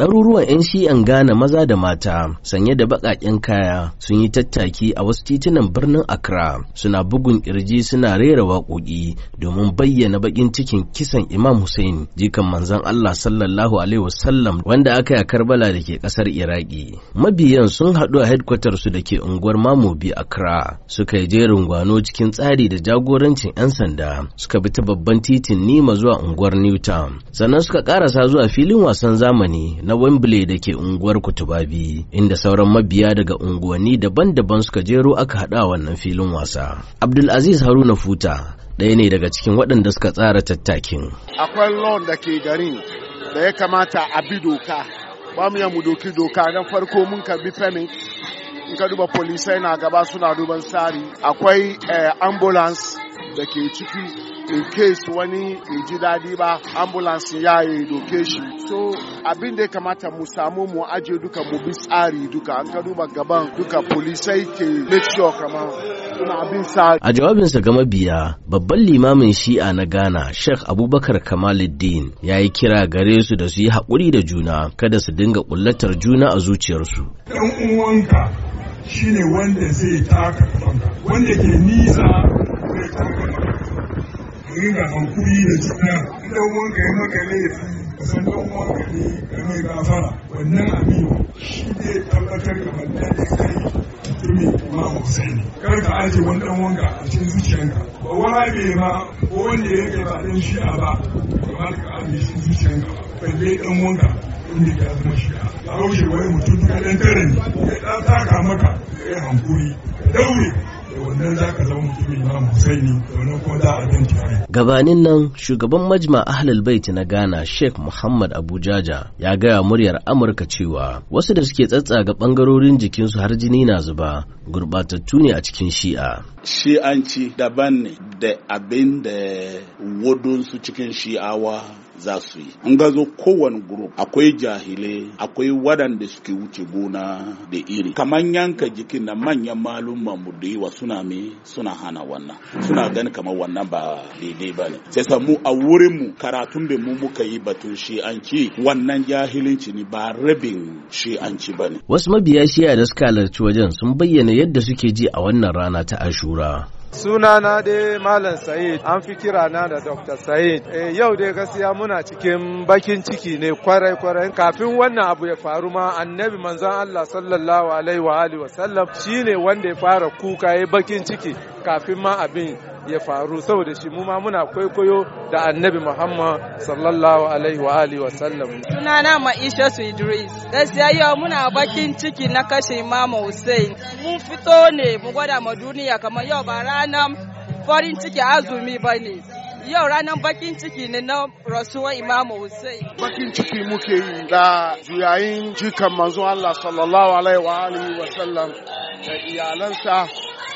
Ɗaruruwan 'yan shi'an Ghana maza da mata sanye da baƙaƙen kaya sun yi tattaki a wasu titunan birnin Accra suna bugun ƙirji suna rera waƙoƙi domin bayyana baƙin cikin kisan Imam Hussein jikan manzon Allah sallallahu alaihi wasallam wanda aka yi a Karbala da ke ƙasar Iraki. Mabiyan sun haɗu a hedkwatar su da ke unguwar Mamobi Accra suka yi jerin gwano cikin tsari da jagorancin 'yan sanda suka bi ta babban titin Nima zuwa unguwar Newtown sannan suka ƙarasa zuwa filin wasan zamani na Wembley da ke unguwar Kutubabi inda sauran mabiya daga unguwanni daban-daban suka jero aka haɗa wannan filin wasa. Abdulaziz Haruna Futa ɗaya ne daga cikin waɗanda suka tsara tattakin. Akwai lawn da ke garin da ya kamata a bi doka. Ba mu mu doki doka na farko mun karbi permit in ka duba polisai na gaba suna duban tsari akwai eh, ambulance da ke ciki in case wani in ji daɗi ba ambulance ya yi doke shi so abin da ya kamata mu samu mu ajiye duka mu bi tsari duka an ka duba gaban duka polisai ke make sure kama suna abin sa a jawabinsa ga mabiya babban limamin shi'a na Ghana Sheikh Abubakar Kamaluddin ya yi kira gare su da su yi haƙuri da juna kada su dinga ƙullatar juna a zuciyarsu Dan uwanka shine wanda zai taka wanda ke nisa ringa hankuri da juna in dan wanka ya maka laifi ka san dan wanka ne ka mai gafara wannan aminu shi ne tabbatar da wannan da yi, mutumin imam Hussein kar ka aje wani dan wanka a cikin zuciyanka ba wani wahabe ma ko wanda ya yake ba shi a ba ba ka aje shi zuciyanka ba balle ɗan wanka inda ka zama shi a raushe wani mutum ka dan tare ne ya ɗan taka maka ya hankuri daure Eh, gabanin nan shugaban majma ahlul bait na ghana sheikh muhammad abujaja ya gaya muryar amurka cewa wasu da suke tsatsaga bangarorin jikinsu har jini na zuba gurbatattu ne a cikin shi'a shi'anci daban ne da abin da wadunsu cikin shi'awa za su yi in ga zo kowane group akwai jahilai akwai waɗanda suke wuce gona da iri Kaman yanka jikin na manyan malum mu da yawa suna me suna hana wannan suna gani kamar wannan ba daidai ba ne sai samu a wurin mu karatun da mu muka yi batun shi an ci wannan jahilinci ne ba rabin shi an ci ba ne wasu mabiya shiya da suka halarci wajen sun bayyana yadda suke ji a wannan rana ta ashura Suna na dai Malam Said, an fi kira na da Dr. Said. Eh, yau dai gaskiya muna cikin bakin ciki ne kwarai-kwarai. Kafin wannan abu ya faru ma annabi manzon Allah sallallahu alaihi wa alihi wa sallam shine wanda ya fara kuka ya bakin ciki kafin ma abin ya faru saboda shi mu ma muna kwaikwayo da annabi Muhammad sallallahu alaihi wa alihi wa sallam sunana Maisha Idris gaskiya yau muna bakin ciki na kashe Imama Hussein mun fito ne mu gwada ma duniya kamar yau ba ranar farin ciki azumi ba ne. yau ranar bakin ciki ne na rasuwar imamu Hussein. Bakin ciki muke yi da juyayin jikan manzo Allah sallallahu alaihi wa wa sallam da iyalansa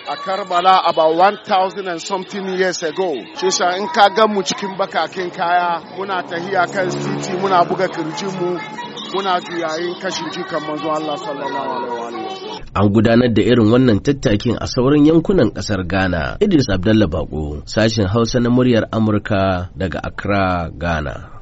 a Karbala about 1000 and something years ago. Shi sa in ka gan mu cikin bakakin kaya muna tahiya kan titi muna buga kirjinmu muna juyayin kashin jikan manzo Allah sallallahu alaihi wa An gudanar da irin wannan tattakin a sauran yankunan kasar Ghana. Idris Abdallah Bako, sashin Hausa na muryar Amurka daga Accra, Ghana.